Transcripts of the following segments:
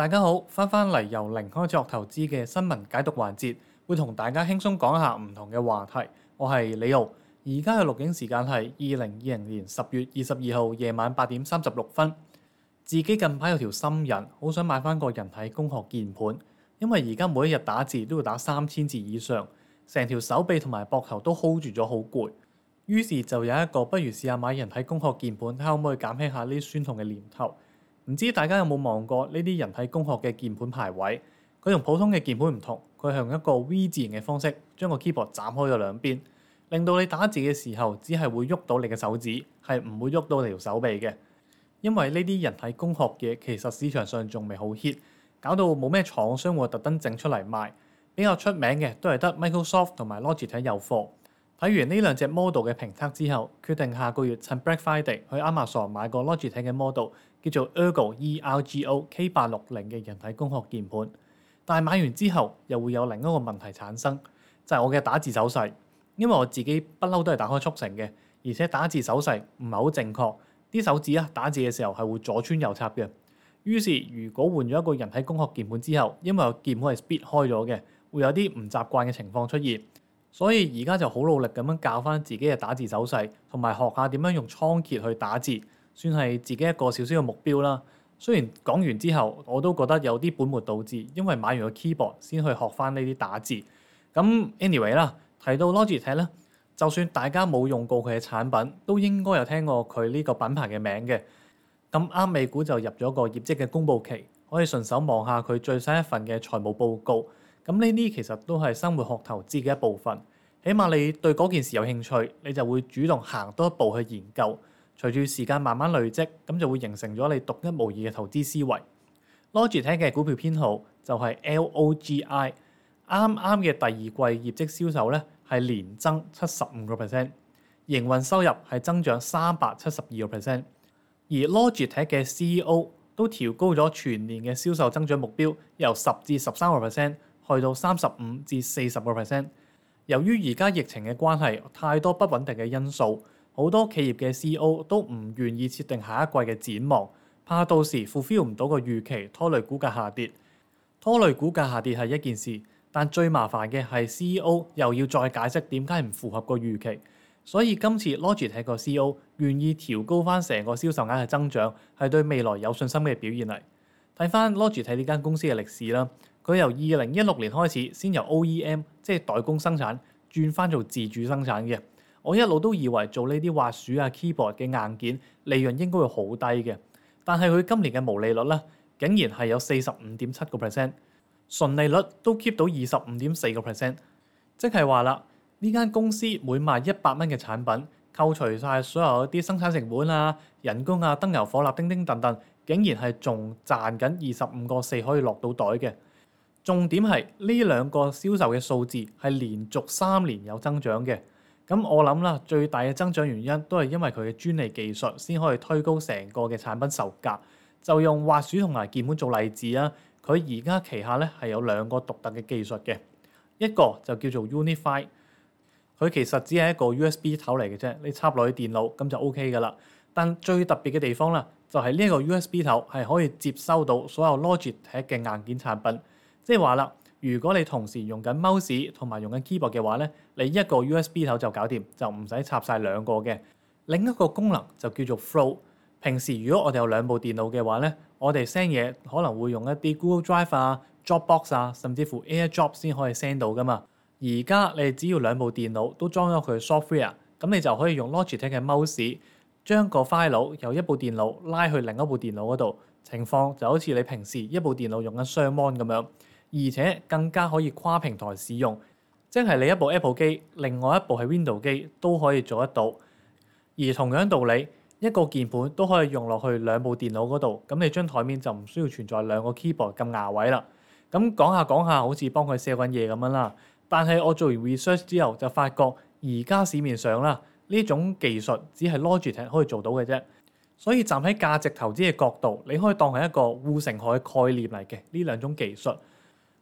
大家好，翻返嚟由零開始學投資嘅新聞解讀環節，會同大家輕鬆講下唔同嘅話題。我係李奧，而家嘅錄影時間係二零二零年十月二十二號夜晚八點三十六分。自己近排有條心癮，好想買翻個人體工學鍵盤，因為而家每一日打字都要打三千字以上，成條手臂同埋膊頭都 hold 住咗好攰，於是就有一個不如試下買人體工學鍵盤，睇下可唔可以減輕下呢酸痛嘅念頭。唔知大家有冇望過呢啲人體工學嘅鍵盤排位？佢同普通嘅鍵盤唔同，佢係用一個 V 字形嘅方式將個 keyboard 斬開咗兩邊，令到你打字嘅時候只係會喐到你嘅手指，係唔會喐到你條手臂嘅。因為呢啲人體工學嘢其實市場上仲未好 hit，搞到冇咩廠商會特登整出嚟賣。比較出名嘅都係得 Microsoft 同埋 Logitech 有貨。睇完呢兩隻 model 嘅評測之後，決定下個月趁 Black Friday 去 Amazon 買個 Logitech 嘅 model，叫做 Ergo E R G O K 八六零嘅人體工學鍵盤。但係買完之後又會有另一個問題產生，就係、是、我嘅打字手勢，因為我自己不嬲都係打開速成嘅，而且打字手勢唔係好正確，啲手指啊打字嘅時候係會左穿右插嘅。於是如果換咗一個人體工學鍵盤之後，因為個鍵盤係 split 開咗嘅，會有啲唔習慣嘅情況出現。所以而家就好努力咁樣教翻自己嘅打字手勢，同埋學下點樣用倉頡去打字，算係自己一個小小嘅目標啦。雖然講完之後，我都覺得有啲本末倒置，因為買完個 keyboard 先去學翻呢啲打字。咁 anyway 啦，提到 Logitech 咧，就算大家冇用過佢嘅產品，都應該有聽過佢呢個品牌嘅名嘅。咁啱美股就入咗個業績嘅公佈期，可以順手望下佢最新一份嘅財務報告。咁呢啲其實都係生活學投資嘅一部分。起碼你對嗰件事有興趣，你就會主動行多一步去研究。隨住時間慢慢累積，咁就會形成咗你獨一無二嘅投資思維。Logitech 嘅股票編號就係 L O G I，啱啱嘅第二季業績銷售咧係年增七十五個 percent，營運收入係增長三百七十二個 percent。而 Logitech 嘅 CEO 都調高咗全年嘅銷售增長目標，由十至十三個 percent。去到三十五至四十個 percent。由於而家疫情嘅關係，太多不穩定嘅因素，好多企業嘅 CEO 都唔願意設定下一季嘅展望，怕到時 fulfil l 唔到個預期，拖累股價下跌。拖累股價下跌係一件事，但最麻煩嘅係 CEO 又要再解釋點解唔符合個預期。所以今次 l o g i e c 睇嘅 CEO 願意調高翻成個銷售額嘅增長，係對未來有信心嘅表現嚟。睇翻 l o g i e c 睇呢間公司嘅歷史啦。佢由二零一六年開始先由 OEM 即係代工生產轉翻做自主生產嘅。我一路都以為做呢啲滑鼠啊、keyboard 嘅硬件利潤應該會好低嘅，但係佢今年嘅毛利率咧竟然係有四十五點七個 percent，純利率都 keep 到二十五點四個 percent，即係話啦，呢間公司每賣一百蚊嘅產品，扣除晒所有啲生產成本啊、人工啊、燈油火蠟、叮叮叮等等，竟然係仲賺緊二十五個四可以落到袋嘅。重點係呢兩個銷售嘅數字係連續三年有增長嘅，咁我諗啦，最大嘅增長原因都係因為佢嘅專利技術先可以推高成個嘅產品售價。就用滑鼠同埋鍵盤做例子啦，佢而家旗下咧係有兩個獨特嘅技術嘅，一個就叫做 Unify，佢其實只係一個 USB 頭嚟嘅啫，你插落去電腦咁就 OK 噶啦。但最特別嘅地方啦，就係呢個 USB 頭係可以接收到所有 Logitech 嘅硬件產品。即係話啦，如果你同時用緊 mouse 同埋用緊 Keyboard 嘅話咧，你一個 USB 頭就搞掂，就唔使插晒兩個嘅。另一個功能就叫做 Flow。平時如果我哋有兩部電腦嘅話咧，我哋 send 嘢可能會用一啲 Google Drive 啊、Dropbox 啊，甚至乎 AirDrop 先可以 send 到噶嘛。而家你只要兩部電腦都裝咗佢 software，咁你就可以用 Logitech 嘅 mouse 將個 file 由一部電腦拉去另一部電腦嗰度，情況就好似你平時一部電腦用緊雙 mon 咁樣。而且更加可以跨平台使用，即係你一部 Apple 機，另外一部係 Window 機都可以做得到。而同樣道理，一個鍵盤都可以用落去兩部電腦嗰度。咁你張台面就唔需要存在兩個 keyboard 咁牙位啦。咁講下講下，好似幫佢賣緊嘢咁樣啦。但係我做完 research 之後就發覺而家市面上啦呢種技術只係 Logitech 可以做到嘅啫。所以站喺價值投資嘅角度，你可以當係一個護城河嘅概念嚟嘅呢兩種技術。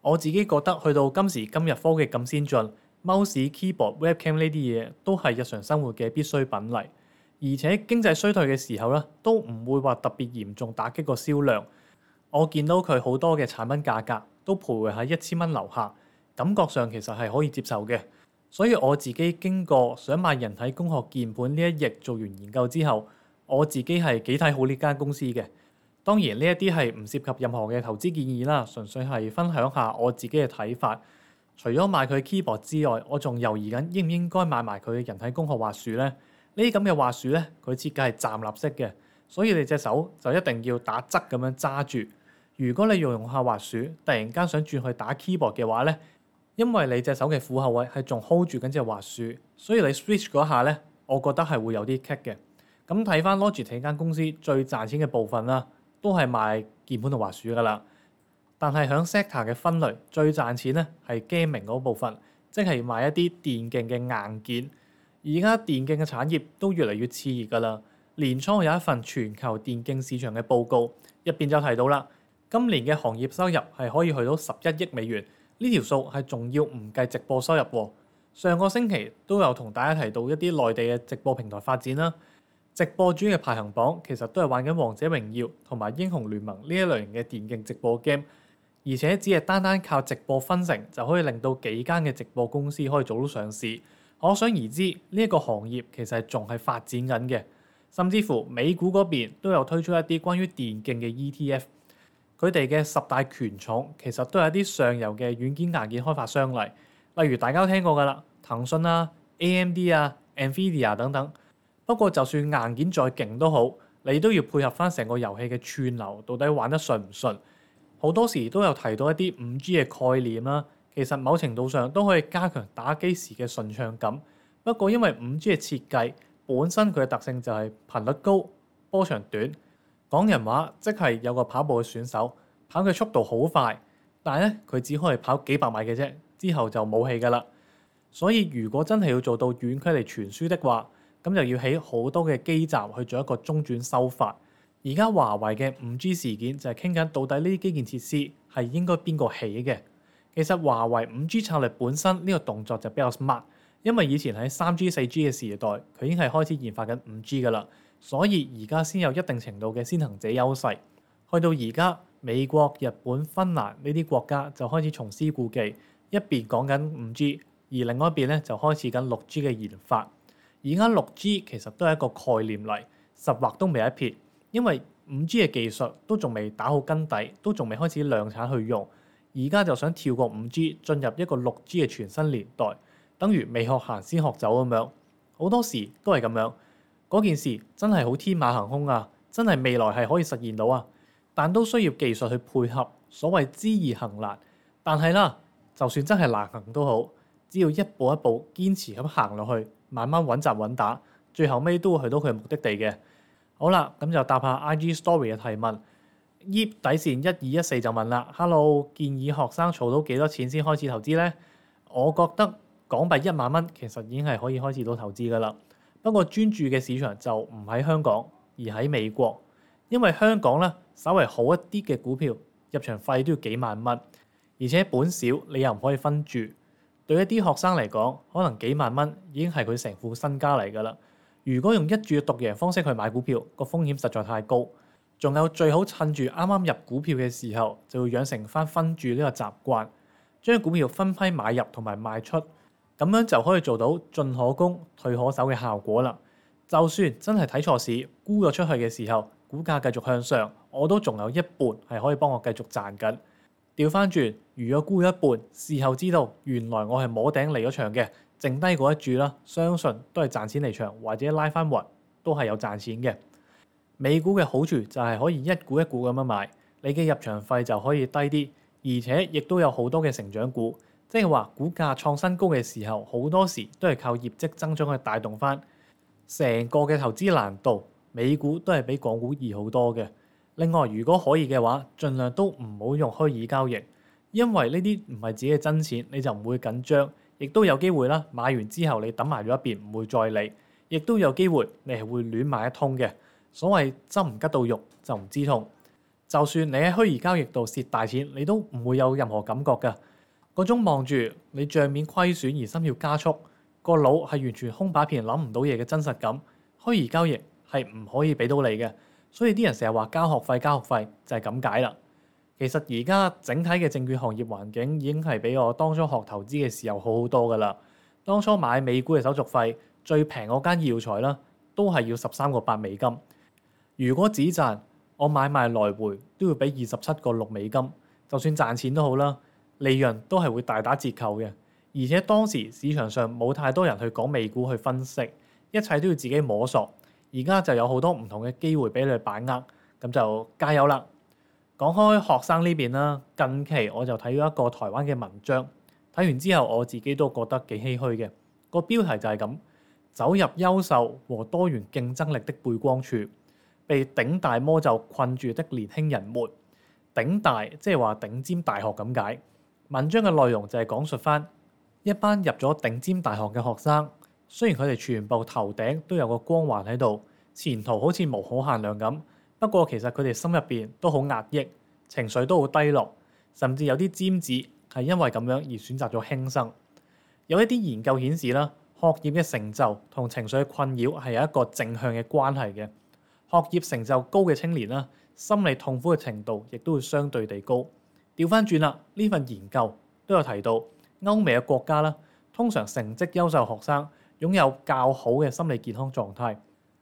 我自己覺得去到今時今日科技咁先進，mouse、keyboard、webcam 呢啲嘢都係日常生活嘅必需品嚟，而且經濟衰退嘅時候咧，都唔會話特別嚴重打擊個銷量。我見到佢好多嘅產品價格都徘徊喺一千蚊樓下，感覺上其實係可以接受嘅。所以我自己經過想買人體工學鍵盤呢一役做完研究之後，我自己係幾睇好呢間公司嘅。當然呢一啲係唔涉及任何嘅投資建議啦，純粹係分享下我自己嘅睇法。除咗買佢 keyboard 之外，我仲猶豫緊應唔應該買埋佢嘅人體工學滑鼠呢？呢啲咁嘅滑鼠呢，佢設計係站立式嘅，所以你隻手就一定要打側咁樣揸住。如果你用下滑鼠，突然間想轉去打 keyboard 嘅話呢，因為你隻手嘅虎口位係仲 hold 住緊隻滑鼠，所以你 switch 嗰下呢，我覺得係會有啲棘嘅。咁睇翻 Logitech 間公司最賺錢嘅部分啦。都係賣鍵盤同滑鼠噶啦，但係喺 sector 嘅分類最賺錢咧係 gaming 嗰部分，即係賣一啲電競嘅硬件。而家電競嘅產業都越嚟越熾熱噶啦。年初有一份全球電競市場嘅報告入邊就提到啦，今年嘅行業收入係可以去到十一億美元，呢條數係仲要唔計直播收入。上個星期都有同大家提到一啲內地嘅直播平台發展啦。直播主嘅排行榜其實都係玩緊《王者榮耀》同埋《英雄聯盟》呢一類型嘅電競直播 game，而且只係單單靠直播分成就可以令到幾間嘅直播公司可以做到上市。可想而知，呢一個行業其實仲係發展緊嘅，甚至乎美股嗰邊都有推出一啲關於電競嘅 ETF。佢哋嘅十大權重其實都係一啲上游嘅軟件硬件開發商嚟，例如大家都聽過㗎啦，騰訊啊、AMD 啊、NVIDIA 等等。不過，就算硬件再勁都好，你都要配合返成個遊戲嘅串流，到底玩得順唔順？好多時都有提到一啲五 G 嘅概念啦。其實某程度上都可以加強打機時嘅順暢感。不過，因為五 G 嘅設計本身佢嘅特性就係頻率高、波長短。講人話，即係有個跑步嘅選手跑嘅速度好快，但係咧佢只可以跑幾百米嘅啫，之後就冇氣噶啦。所以如果真係要做到遠距離傳輸的話，咁就要起好多嘅基站去做一個中轉收發。而家華為嘅五 G 事件就係傾緊到底呢啲基建設施係應該邊個起嘅。其實華為五 G 策略本身呢個動作就比較 smart，因為以前喺三 G 四 G 嘅時代，佢已經係開始研發緊五 G 噶啦，所以而家先有一定程度嘅先行者優勢。去到而家，美國、日本、芬蘭呢啲國家就開始重施故技，一邊講緊五 G，而另外一邊咧就開始緊六 G 嘅研發。而家六 G 其實都係一個概念嚟，實話都未一撇，因為五 G 嘅技術都仲未打好根底，都仲未開始量產去用。而家就想跳過五 G 進入一個六 G 嘅全新年代，等於未學行先學走咁樣，好多時都係咁樣。嗰件事真係好天馬行空啊！真係未來係可以實現到啊，但都需要技術去配合，所謂知易行難。但係啦，就算真係難行都好，只要一步一步堅持咁行落去。慢慢穩紮穩打，最後尾都會去到佢目的地嘅。好啦，咁就答下 IG Story 嘅提問。EAP 底線一二一四就問啦，Hello，建議學生儲到幾多錢先開始投資呢？我覺得港幣一萬蚊其實已經係可以開始到投資噶啦。不過專注嘅市場就唔喺香港，而喺美國，因為香港呢，稍微好一啲嘅股票入場費都要幾萬蚊，而且本少，你又唔可以分住。對一啲學生嚟講，可能幾萬蚊已經係佢成副身家嚟㗎啦。如果用一注獨贏方式去買股票，個風險實在太高。仲有最好趁住啱啱入股票嘅時候，就要養成返分注呢個習慣，將股票分批買入同埋賣出，咁樣就可以做到進可攻，退可守嘅效果啦。就算真係睇錯市，沽咗出去嘅時候，股價繼續向上，我都仲有一半係可以幫我繼續賺緊。調翻轉，如果沽一半，事後知道原來我係摸頂離咗場嘅，剩低嗰一注啦，相信都係賺錢離場或者拉翻勻都係有賺錢嘅。美股嘅好處就係可以一股一股咁樣買，你嘅入場費就可以低啲，而且亦都有好多嘅成長股，即係話股價創新高嘅時候，好多時都係靠業績增長去帶動翻。成個嘅投資難度，美股都係比港股易好多嘅。另外，如果可以嘅話，盡量都唔好用虛擬交易，因為呢啲唔係自己嘅真錢，你就唔會緊張，亦都有機會啦。買完之後你抌埋咗一邊，唔會再理；亦都有機會你係會亂買一通嘅。所謂針唔吉到肉就唔知痛，就算你喺虛擬交易度蝕大錢，你都唔會有任何感覺㗎。嗰種望住你帳面虧損而心跳加速，個腦係完全空白片，諗唔到嘢嘅真實感。虛擬交易係唔可以俾到你嘅。所以啲人成日話交學費交學費就係咁解啦。其實而家整體嘅證券行業環境已經係比我當初學投資嘅時候好好多噶啦。當初買美股嘅手續費最平嗰間耀才啦，都係要十三個八美金。如果只賺，我買賣來回都要俾二十七個六美金。就算賺錢都好啦，利潤都係會大打折扣嘅。而且當時市場上冇太多人去講美股去分析，一切都要自己摸索。而家就有好多唔同嘅機會俾你把握，咁就加油啦！講開學生呢邊啦，近期我就睇咗一個台灣嘅文章，睇完之後我自己都覺得幾唏噓嘅。個標題就係咁：走入優秀和多元競爭力的背光處，被頂大魔咒困住的年輕人們。頂大即係話頂尖大學咁解。文章嘅內容就係講述翻一班入咗頂尖大學嘅學生。雖然佢哋全部頭頂都有個光環喺度，前途好似無可限量咁。不過其實佢哋心入邊都好壓抑，情緒都好低落，甚至有啲尖子係因為咁樣而選擇咗輕生。有一啲研究顯示啦，學業嘅成就同情緒嘅困擾係有一個正向嘅關係嘅。學業成就高嘅青年啦，心理痛苦嘅程度亦都會相對地高。調翻轉啦，呢份研究都有提到歐美嘅國家啦，通常成績優秀嘅學生，擁有較好嘅心理健康狀態，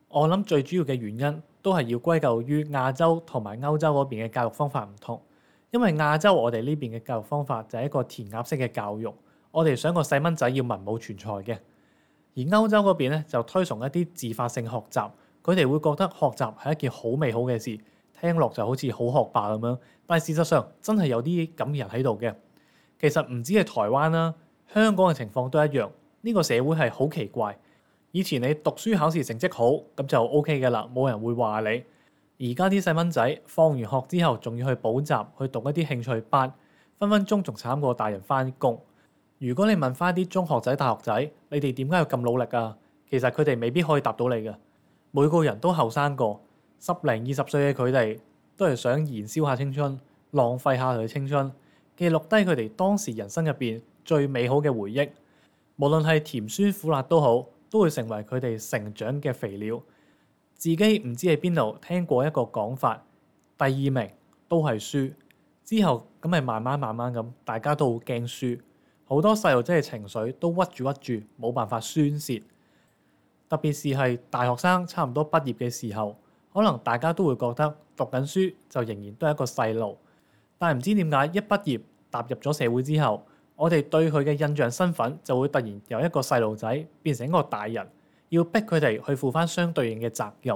我諗最主要嘅原因都係要歸咎於亞洲同埋歐洲嗰邊嘅教育方法唔同。因為亞洲我哋呢邊嘅教育方法就係一個填鴨式嘅教育，我哋想個細蚊仔要文武全才嘅。而歐洲嗰邊咧就推崇一啲自發性學習，佢哋會覺得學習係一件好美好嘅事，聽落就好似好學霸咁樣。但係事實上真係有啲咁嘅人喺度嘅。其實唔止係台灣啦，香港嘅情況都一樣。呢個社會係好奇怪。以前你讀書考試成績好，咁就 OK 嘅啦，冇人會話你。而家啲細蚊仔放完學之後，仲要去補習，去讀一啲興趣班，分分鐘仲慘過大人翻工。如果你問翻啲中學仔、大學仔，你哋點解要咁努力啊？其實佢哋未必可以答到你嘅。每個人都後生過，十零二十歲嘅佢哋都係想燃燒下青春，浪費下佢青春，記錄低佢哋當時人生入邊最美好嘅回憶。無論係甜酸苦辣都好，都會成為佢哋成長嘅肥料。自己唔知喺邊度聽過一個講法，第二名都係輸。之後咁咪慢慢慢慢咁，大家都好驚輸。好多細路仔嘅情緒都屈住屈住，冇辦法宣洩。特別是係大學生差唔多畢業嘅時候，可能大家都會覺得讀緊書就仍然都係一個細路，但係唔知點解一畢業踏入咗社會之後。我哋對佢嘅印象身份就會突然由一個細路仔變成一個大人，要逼佢哋去負翻相對應嘅責任。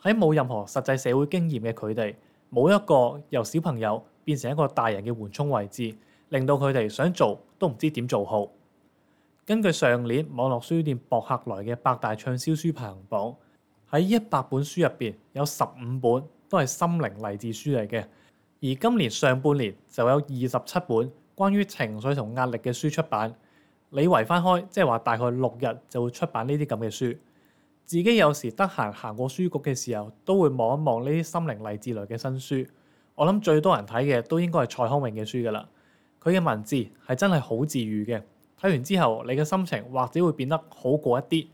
喺冇任何實際社會經驗嘅佢哋，冇一個由小朋友變成一個大人嘅緩衝位置，令到佢哋想做都唔知點做好。根據上年網絡書店博客來嘅百大暢銷書排行榜，喺一百本書入邊有十五本都係心靈勵志書嚟嘅，而今年上半年就有二十七本。關於情緒同壓力嘅書出版，你圍翻開，即係話大概六日就會出版呢啲咁嘅書。自己有時得閒行過書局嘅時候，都會望一望呢啲心靈勵志類嘅新書。我諗最多人睇嘅都應該係蔡康永嘅書㗎喇。佢嘅文字係真係好治癒嘅，睇完之後你嘅心情或者會變得好過一啲。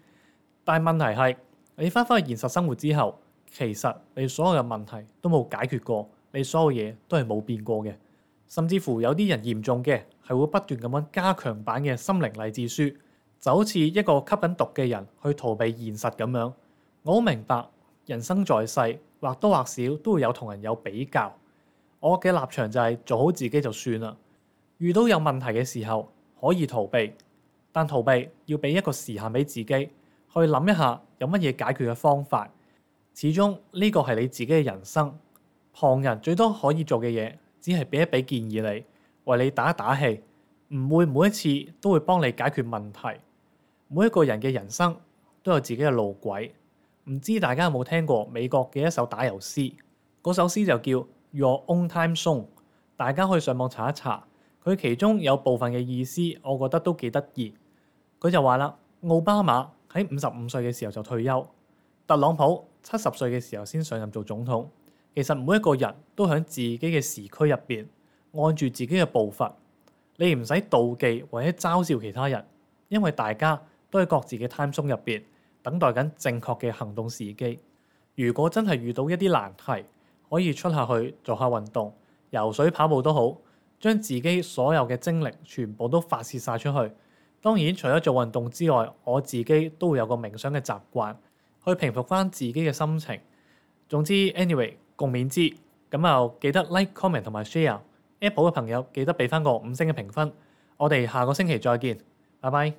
但係問題係你翻返去現實生活之後，其實你所有嘅問題都冇解決過，你所有嘢都係冇變過嘅。甚至乎有啲人嚴重嘅係會不斷咁樣加強版嘅心靈勵志書，就好似一個吸緊毒嘅人去逃避現實咁樣。我好明白人生在世或多或少都會有同人有比較，我嘅立場就係做好自己就算啦。遇到有問題嘅時候可以逃避，但逃避要俾一個時限俾自己去諗一下有乜嘢解決嘅方法。始終呢個係你自己嘅人生，旁人最多可以做嘅嘢，只係俾一俾建議你，為你打一打氣，唔會每一次都會幫你解決問題。每一個人嘅人生都有自己嘅路軌。唔知大家有冇聽過美國嘅一首打油詩？嗰首詩就叫《Your Own Time Zone》，大家可以上網查一查。佢其中有部分嘅意思，我覺得都幾得意。佢就話啦：奧巴馬喺五十五歲嘅時候就退休，特朗普七十歲嘅時候先上任做總統。其實每一個人都喺自己嘅時區入邊，按住自己嘅步伐。你唔使妒忌或者嘲笑其他人，因為大家都喺各自嘅 time zone 入邊等待緊正確嘅行動時機。如果真係遇到一啲難題，可以出下去做下運動、游水、跑步都好，將自己所有嘅精力全部都發泄晒出去。當然，除咗做運動之外，我自己都會有個冥想嘅習慣，去平復翻自己嘅心情。總之，anyway。共勉之，咁就記得 like、comment 同埋 share。Apple 嘅朋友記得俾翻個五星嘅評分。我哋下個星期再見，拜拜。